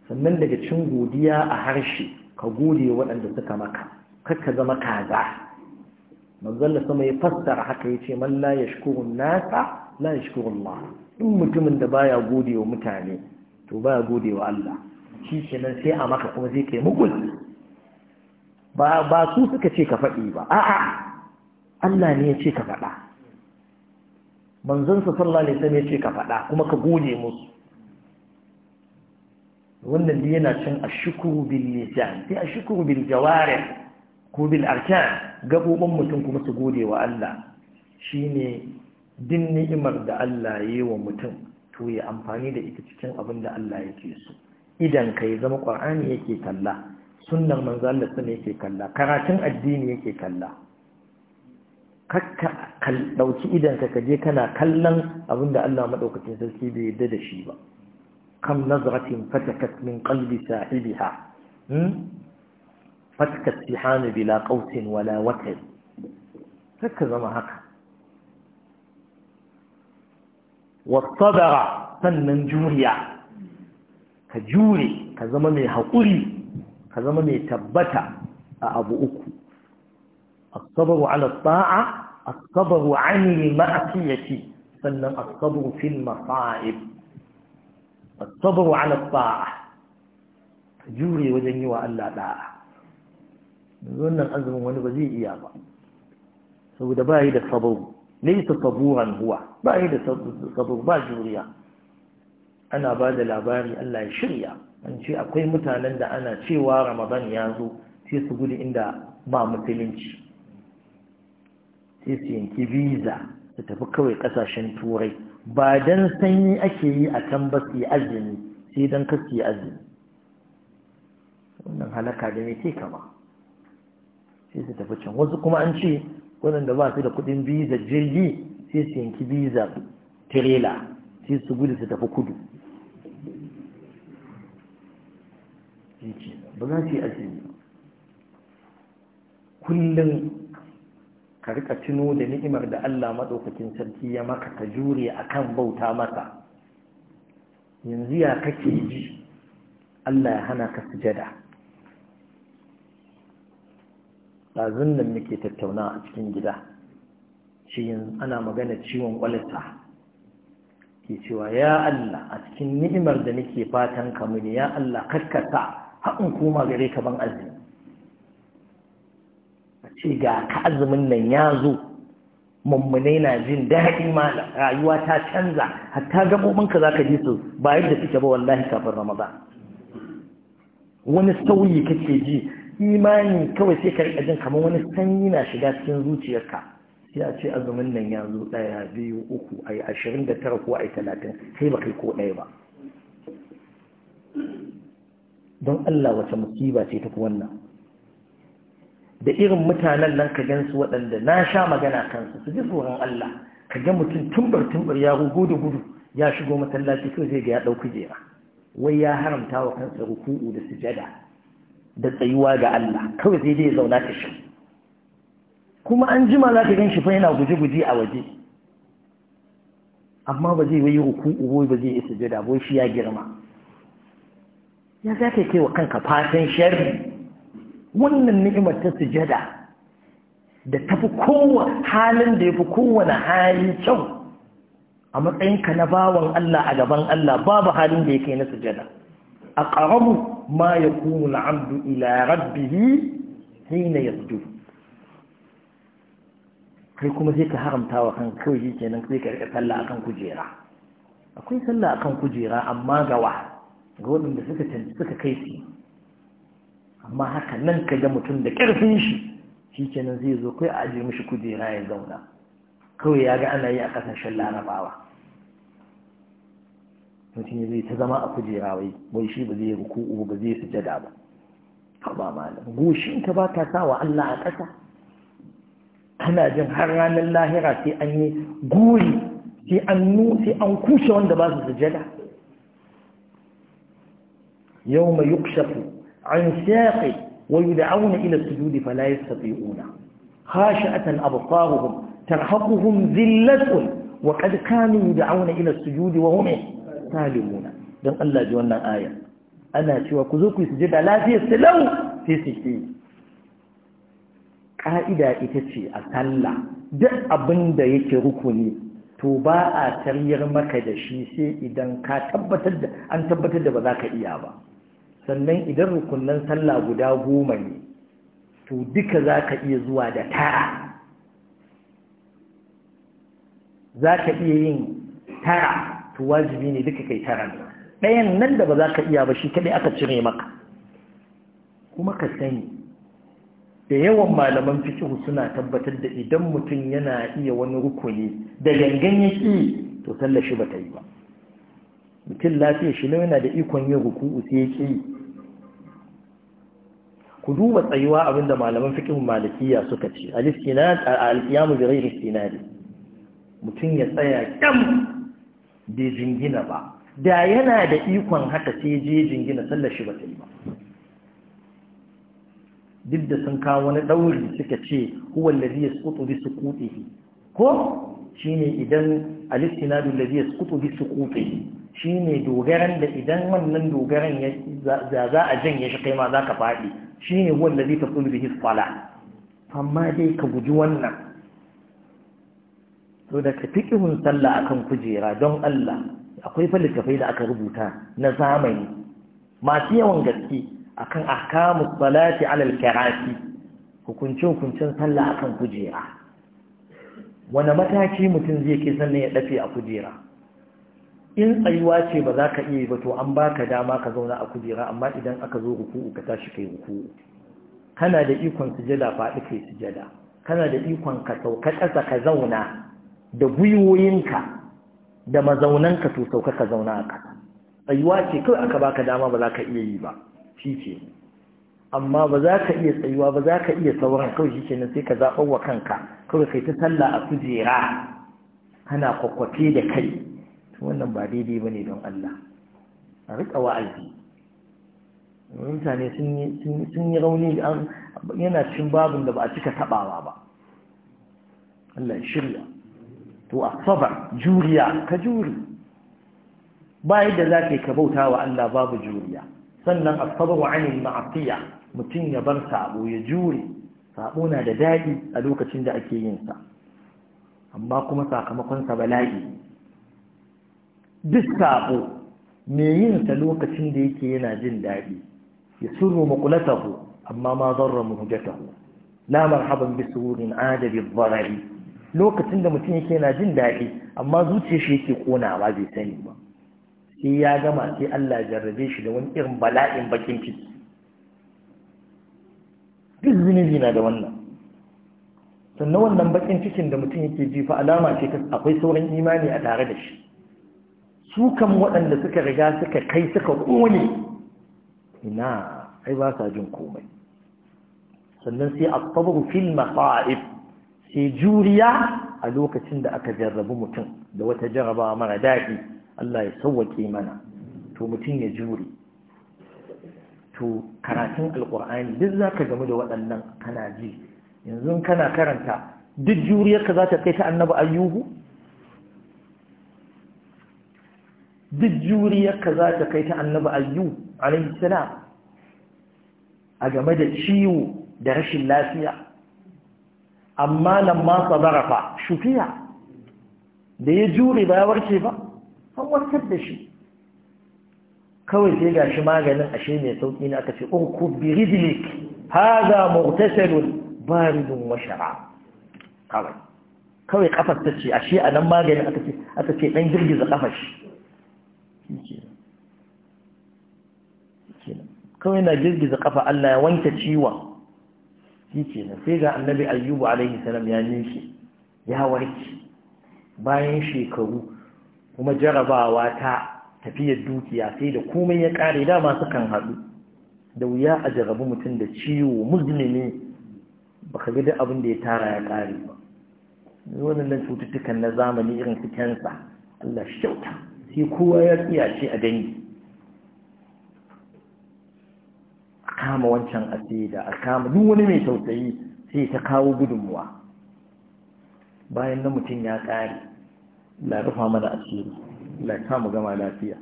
sannan daga cin godiya a harshe ka gode waɗanda suka maka kakka zama kaza manzalla sama ya fassara haka ya ce man la yashkurun nasa la yashkurun Allah in mutumin da baya gode wa mutane to baya gode wa Allah shi kenan sai a maka kuma zai kai mugul ba su suka ce ka faɗi ba a'a Allah ne ya ce ka faɗa manzon sallallahu alaihi wasallam ya ce ka faɗa kuma ka gode musu wannan da yana cin shukuru bin lisan sai shukuru bin jawarin ko bin arkan gabobin mutum kuma su gode wa Allah shi ne din ni'imar da Allah ya yi wa mutum to ya amfani da ita cikin abin da Allah ya yake so idan ka yi zama ƙwar'ani yake kalla sunnar manzan da suna yake kalla karatun addini yake kalla kakka ɗauki idan ka kaje kana kallon abin da Allah maɗaukacin sarki bai yarda da shi ba كم نظرة فتكت من قلب ساحبها فتكت سحان بلا قوس ولا وتر ركز ما هكا والصدر فنن جوريا كجوري كزمني هقولي كزمني تبتا أبو أكو الصبر على الطاعة الصبر عن المعصية فنن الصبر في المصائب tabar wa alaɓa jure wajen yi wa Allah ɗa’a zuwan azumin wani ba zai iya ba saboda ba yi da tabar ne su taburan huwa ba yi da tabar ba juriya ana ba da labari Allah ya shirya an ce akwai mutanen da ana cewa ramadan ya zo sai su gudu inda ba musulunci sai su yanki visa su tafi kawai ƙasashen turai ba dan sanyi ake yi a can ba su yi azumi sai dan kar yi azumi wannan halaka da mai kama sai su tafi can wasu kuma an ce waɗanda ba su da kuɗin visa jirgi sai su yanki visa tirela sai su gudu su tafi kudu ba za su yi azumi kullum ka rika tuno da ni'imar da Allah maɗaukakin sarki ya maka ka jure akan bauta masa yanzu ya kake ji Allah ya hana ka sujada ɗazun nan muke tattauna a cikin gida shi ana magana ciwon ƙwalata ke cewa ya Allah a cikin ni'imar da nake fatan ka kamuni ya Allah karkata haɗin koma gare ka ban azumi ce ga ka azumin nan ya zo mummunai na jin daɗi ma rayuwa ta canza hatta gabobinka za ka ji su ba yadda suke ba wallahi kafin ramadan wani sauyi kake ji imani kawai sai ka riƙa jin kamar wani sanyi na shiga cikin zuciyarka Sai a ce azumin nan ya zo ɗaya biyu uku a ashirin da tara ko a talatin kai ba kai ko ɗaya ba don Allah wata musiba ce ta wannan da irin mutanen nan ka gansu waɗanda na sha magana kansu su ji tsoron Allah ka ga mutum tumbar tumbar ya rugo da gudu ya shigo masallaci so zai ga ya ɗauki jera wai ya haramta wa kansa ruku'u da sujada da tsayuwa ga Allah kawai zai dai zauna ta shi kuma an jima za ka gan shi fa yana guje-guje a waje amma ba zai yi ruku'u ba zai yi sujada ba shi ya girma ya za ka kai wa kanka fatan sharri wannan ni'imar ta sujada da tafi kowa halin da yafi kowane hali kyau a matsayinka na bawan Allah a gaban Allah babu halin da yake na sujada ƙaramu ma ya al-'abdu ila rabbihi hina sujo kai kuma sai ka haramta wa kan kawai kenan sai ka rika sallah akan kujera akwai sallah akan kujera amma gawa ga waɗanda suka suka kai su amma haka nan ka ga mutum da ƙarfin shi shi kenan zai zo kai a ajiye mishi kujera ya zauna kawai ya ga ana yi a ƙasashen larabawa mutum ya zai ta zama a kujera wai wai shi ba zai ruku'u ba zai sujada ba ba malam goshin ka ba ta sa wa Allah a ƙasa kana jin har ranar lahira sai an yi guri sai an nu sai an kushe wanda ba su sujada yau mai yukshafu عن ساق ويدعون إلى السجود فلا يستطيعون خاشعة أبصارهم ترهقهم ذلة وقد كانوا يدعون إلى السجود وهم سالمون دم الله جوانا آية أنا شوى كذوك يسجد لا في السلو في سجد ƙa'ida ita ce a sallah duk abin da yake rukuni to ba a taryar maka da shi sai idan ka tabbatar da an tabbatar da ba za ka iya ba sannan idan rukunnan sallah guda goma ne to duka za ka iya zuwa da tara za ka iya yin tara to wajibi ne duka kai tara ne ɗayan nan da ba za ka iya ba shi kaɗai aka cire maka kuma ka sani da yawan malaman fikihu suna tabbatar da idan mutum yana iya wani rukuni da gangan ya ƙi to sallashi shi ba ta yi ba mutum lafiya shi nawa yana da ikon yin ruku'u sai ya ƙi ku duba tsayuwa abinda malaman fikin malakiya suka ce al-istinad al-qiyam bi ghayri istinad mutum ya tsaya kam bai jingina ba da yana da ikon haka sai je jingina sallar shi ba ta yi ba duk da sun kawo wani ɗauri suka ce huwan da zai sukutu bi su kuɗe ko shi ne idan alistinadu da zai sukutu bi su kuɗe shi ne dogaran da idan wannan dogaran ya za a janye shi kai ma za ka faɗi shine wallazi taqulu bihi as-salah amma dai ka guji wannan to da ka sallah akan kujera don Allah akwai falsafai da aka rubuta na zamani masu yawan gaske akan ahkamus salati alal kirasi hukunce hukuncin sallah akan kujera wani mataki mutum zai ke sannan ya dafe a kujera in tsayuwa ce ba za ka iya yi ba to an baka dama ka zauna a kujera amma idan aka zo ruku'u ka tashi kai ruku'u kana da ikon sujada faɗi kai sujada kana da ikon ka sauka ƙasa ka zauna da gwiwoyinka da mazaunanka to sauka ka zauna a ƙasa tsayuwa ce kawai aka baka dama ba za ka iya yi ba shi ce amma ba za ka iya tsayuwa ba za ka iya sauran kawai shi kenan sai ka zaɓar wa kanka kawai kai ta sallah a kujera kana kwakwafe da kai wannan ba daidai ba ne don Allah a riƙa wa'azi mutane sun yi rauni yana cin babin da ba a cika taɓawa ba Allah shirya to a saba juriya ka juri bayan da za ka bauta wa Allah babu juriya sannan a saba wa anil ma'afiya mutum ya bar sabo ya jure sabo na da daɗi a lokacin da ake yin sa amma kuma sakamakonsa bala'i duk sabo me yin ta lokacin da yake yana jin daɗi ya suru makulatahu amma ma zarra muhjatahu la marhaban bi sururin adabi dharari lokacin da mutum yake yana jin daɗi amma zuciyar shi yake konawa bai sani ba sai ya gama sai Allah ya jarrabe shi da wani irin bala'in bakin ciki duk zunubi na da wannan sannan wannan bakin cikin da mutum yake ji fa alama ce akwai sauran imani a tare da shi su kan waɗanda suka riga suka kai suka ƙone ina ai ba sa jin komai sannan sai a tabar fil sai juriya a lokacin da aka jarrabu mutum da wata jaraba mara daɗi Allah ya sauwake mana to mutum ya jure to karatun alƙur'ani duk za ka gamu da waɗannan kana ji yanzu kana karanta duk juriyarka za ta kai ta annabi ayyuhu duk juriyarka za ta kai ta annabi ayyu alaihi a game da ciwo da rashin lafiya amma nan ma barafa shufiya da ya jure ba ya warke ba an warkar da shi kawai sai ga shi maganin ashe mai sauki ne aka ce urkub bi rijlik hadha baridun wa kawai kawai kafar ta ce ashe anan maganin aka ce ɗan girgiza kafar shi kawai na girgiza kafa Allah ya wanke ciwon shi ke na sai ga annabi ayyubu alaihi salam ya nishi ya warke bayan shekaru kuma jarabawa ta tafiyar dukiya sai da komai ya kare masu kan haɗu da wuya a jarabi mutum da ciwo ne baka ka gida abin da ya tara ya kare ba wannan cututtukan na zamani irin su kyansa Allah shi kyauta sai kowa ya tsiyace a gani a kama wancan asida a kama duk wani mai tausayi sai ta kawo gudunmuwa bayan na mutum ya ƙare la rufa mana asiri la samu gama lafiya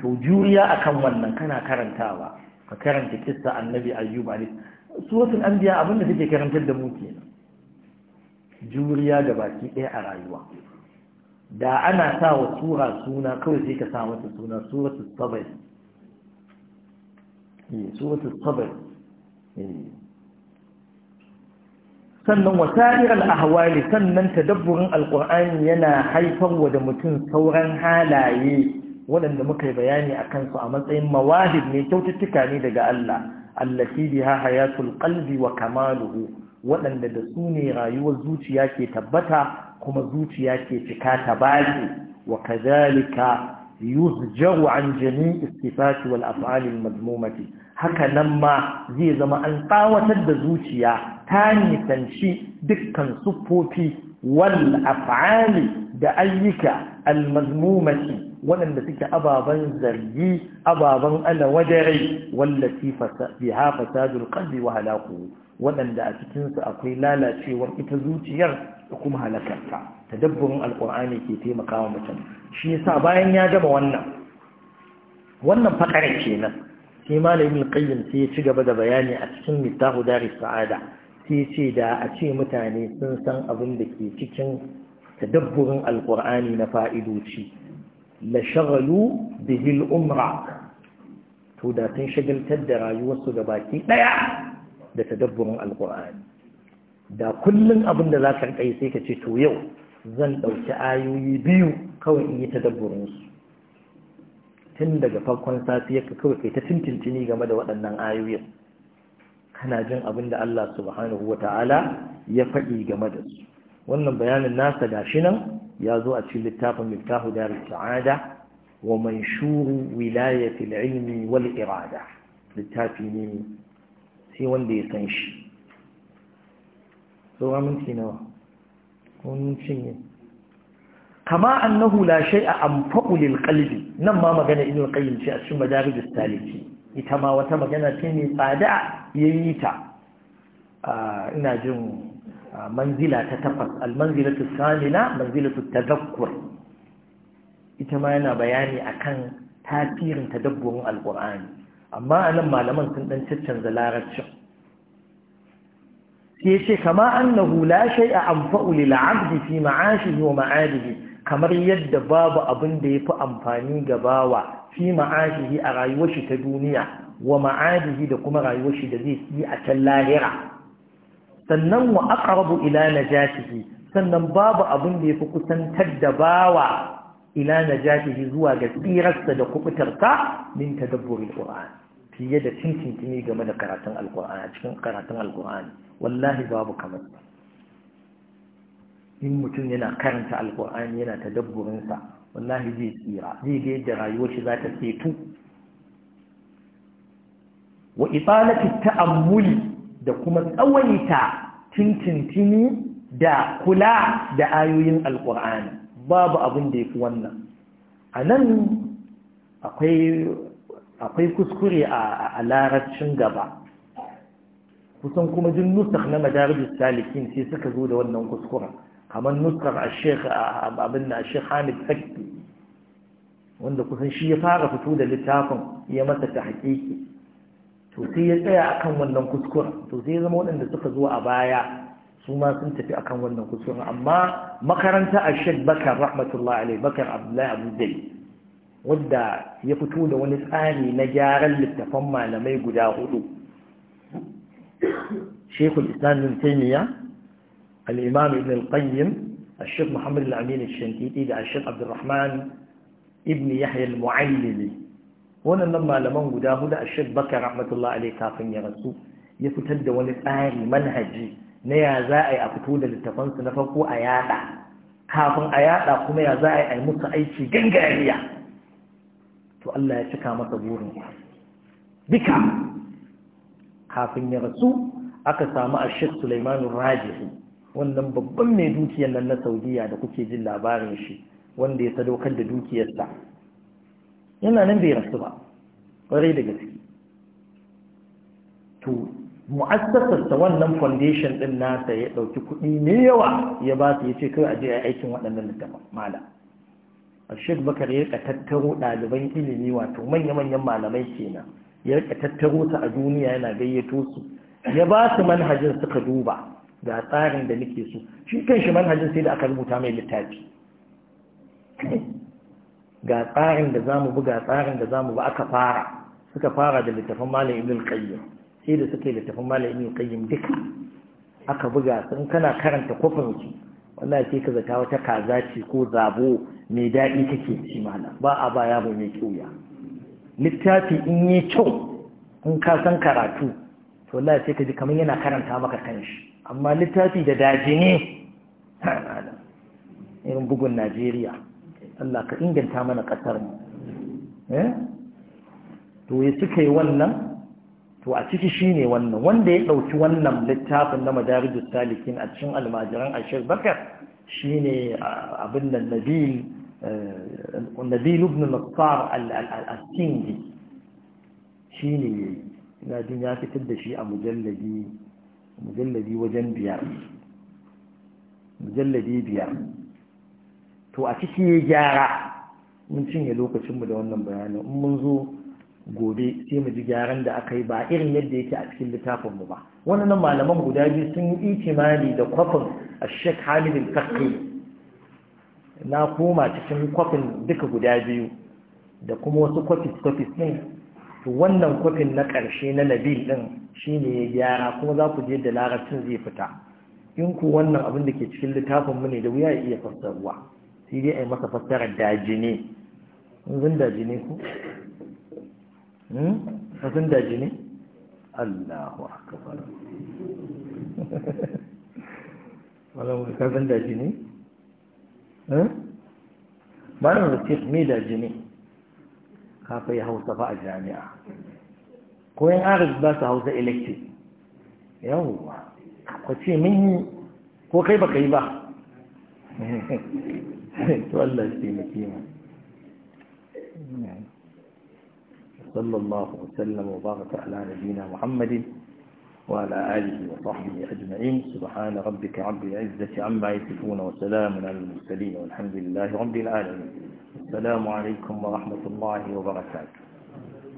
to juriya akan wannan kana karantawa ka karanta kissa annabi ayyub alayhi suratul anbiya abinda take karantar da mu kenan juriya da baki ɗaya a rayuwa da ana sa wa tura suna kawai sai ka sa mata suna suratul sabr eh, eh. sannan wasa'ir al-ahwali sannan tadabburin yana haifar wa da mutum sauran halaye waɗanda muka yi bayani a kansu a matsayin mawahib ne kyaututtuka ne daga Allah allati biha hayatul qalbi wa kamaluhu waɗanda da su ne rayuwar zuciya ke tabbata kuma zuciya ke cika ta bari wa kazalika yuzjaru an jami'i istifati wal af'ali madmumati haka nan ma zai zama an tsawatar da zuciya ta nisanci dukkan siffofi wal af'ali da ayyuka al madmumati waɗanda suke ababen zargi ababen alawadare wallati biha fasadul qalbi wa halakuhu waɗanda a cikinsu akwai lalacewar ita zuciyar da kuma halakarta tadabburin alƙur'ani ke taimakawa mutum shi sa bayan ya gama wannan wannan fakare kenan sai malamin qayyim sai ya ci gaba da bayani a cikin mitahu daris sa'ada sai ce da a ce mutane sun san abin da ke cikin tadabburin alƙur'ani na fa'idoci la shagalu bihil, umra to da sun shagaltar da rayuwarsu ga baki ɗaya da tadabburin alkur'ani da kullum abin da za ka rikai sai ka ce to yau zan ɗauki ayoyi biyu kawai in yi tadabburin su tun daga farkon safiyar ka kawai kai ta tintintini game da waɗannan ayoyin kana jin abin da Allah subhanahu wa ta'ala ya faɗi game da su wannan bayanin nasa shi nan ya zo a cikin littafin miftahu da sa'ada wa manshuru shuru al-ilmi wal irada littafi ne sai wanda ya san shi sauran minti nawa kun cinye kama annahu la nan ma magana ibn qayyim ce a cikin madarijus saliki ita ma wata magana ce mai tsada yayi ta ina jin manzila ta takwas almanzilatu salina manzilatu tazakkur ita ma yana bayani akan tasirin tadabburin alkur'ani amma a nan malaman sun ɗan cancanza larabcin Ke ce kama annahu la a anfa'u lil 'abdi fi ma'ashihi wa ma'adihi kamar yadda babu abin da yafi amfani ga bawa fi ma'ashihi a rayuwar shi ta duniya wa ma'adihi da kuma rayuwar shi da zai yi a can lahira sannan wa aqrabu ila najatihi sannan babu abin da yafi kusantar da bawa ila najatihi zuwa ga tsirarsa da kubutarsa min tadabburi alquran fiye da cincin game da karatun a cikin karatun alquran wallahi babu kamar in mutum yana karanta alquran yana ta tadabburinsa wallahi zai tsira zai ga yadda rayuwar shi za ta setu wa italati ta'ammuli da kuma tsawaita cincin da kula da ayoyin alqur'ani babu abin da ya fi wannan a nan akwai kuskure a larabcin gaba kusan kuma jin nusar na madarajus salikin sai suka zo da wannan kuskuren kamar nusar a abin na sheikh hamid sakki wanda kusan shi ya fara fito da littafin ya masa ta hakiki to sai ya tsaya akan wannan kuskuren to sai ya zama waɗanda suka zo a baya su ma sun tafi akan wannan kusurin amma makaranta a shek bakar rahmatullahi alai bakar abdullahi abu zai wadda ya fito da wani tsari na gyaran littafan malamai guda hudu shekul islam bin taimiyya al'imam ibn al-qayyim الشيخ محمد الأمين الشنكيتي ده الشيخ عبد الرحمن ابن يحيى المعلمي wannan nan malaman guda hudu a shek bakar rahmatullahi alai kafin ya rasu ya fitar da wani tsari manhaji na ya za a yi a fito da littafansu na farko a yada kafin a yada kuma ya za a yi a yi musu aiki gangariya to Allah ya cika masa burin duka kafin ya rasu aka samu a shek Sulaiman rajihu wannan babban mai dukiyar nan na Saudiya da kuke jin labarin shi wanda ya sadaukar da dukiyarsa yana nan bai rasu ba ƙwarai da gaske mu'assasar wannan foundation din nasa ya dauki kuɗi ne yawa ya ba su yace kai aje a aikin waɗannan littafin mala Sheikh Bakar ya rika tattaro ɗaliban ilimi wato manya-manyan malamai kenan ya rika tattaro ta a duniya yana gayyato su ya ba su manhajin suka duba ga tsarin da nake so shi kanshi manhajin sai da aka rubuta mai littafi ga tsarin da zamu bi ga tsarin da zamu bi aka fara suka fara da littafin Malam Ibn Qayyim sai da suka yi littafin malamin qayyim duka aka buga sun kana karanta kofin ki wallahi ka zata wata kaza ce ko zabo mai daɗi kake ci mana ba a baya ba mai kyuya littafi in yi kyau in ka san karatu to wallahi sai ka ji kamar yana karanta maka kanshi amma littafi da daji ne irin bugun Najeriya Allah ka inganta mana kasar mu eh? to ya suka wannan to a ciki shine wannan wanda ya ɗauki wannan littafin na madarijus salikin a cikin almajiran ashir bakar shine abin da nabil eh, nabil ibn nasar al-sindi shine ne. ina jin ya fitar da shi a mujalladi mujalladi wajen biyar mujalladi biyar to a ciki ya gyara mun cinye lokacinmu da wannan bayanin in mun zo gobe sai mu ji gyaran da aka yi ba irin yadda yake a cikin littafin mu ba wannan malaman guda biyu sun yi itimali da kwafin a shek al-Faqi na koma cikin kwafin duka guda biyu da kuma wasu kwafis kwafis ɗin to wannan kwafin na ƙarshe na Nabil ɗin shi ne ya gyara kuma za ku je da larabcin zai fita in ku wannan abin da ke cikin littafin mu ne da wuya ya iya fassaruwa sai dai a yi masa fassarar dajine in zan dajine ku sun hmm? daji ne allahu akabar ka san daji ne ba na rufis mai daji ne Ka fai hausa fa a jami'a Ko yin aris ba su hausa electric yawwa Ka ce min ko kai ba ka yi ba to Allah shi ne kima وصلى الله وسلم وبارك على نبينا محمد وعلى آله وصحبه أجمعين سبحان ربك رب العزة عما يصفون وسلام على المرسلين والحمد لله رب العالمين السلام عليكم ورحمة الله وبركاته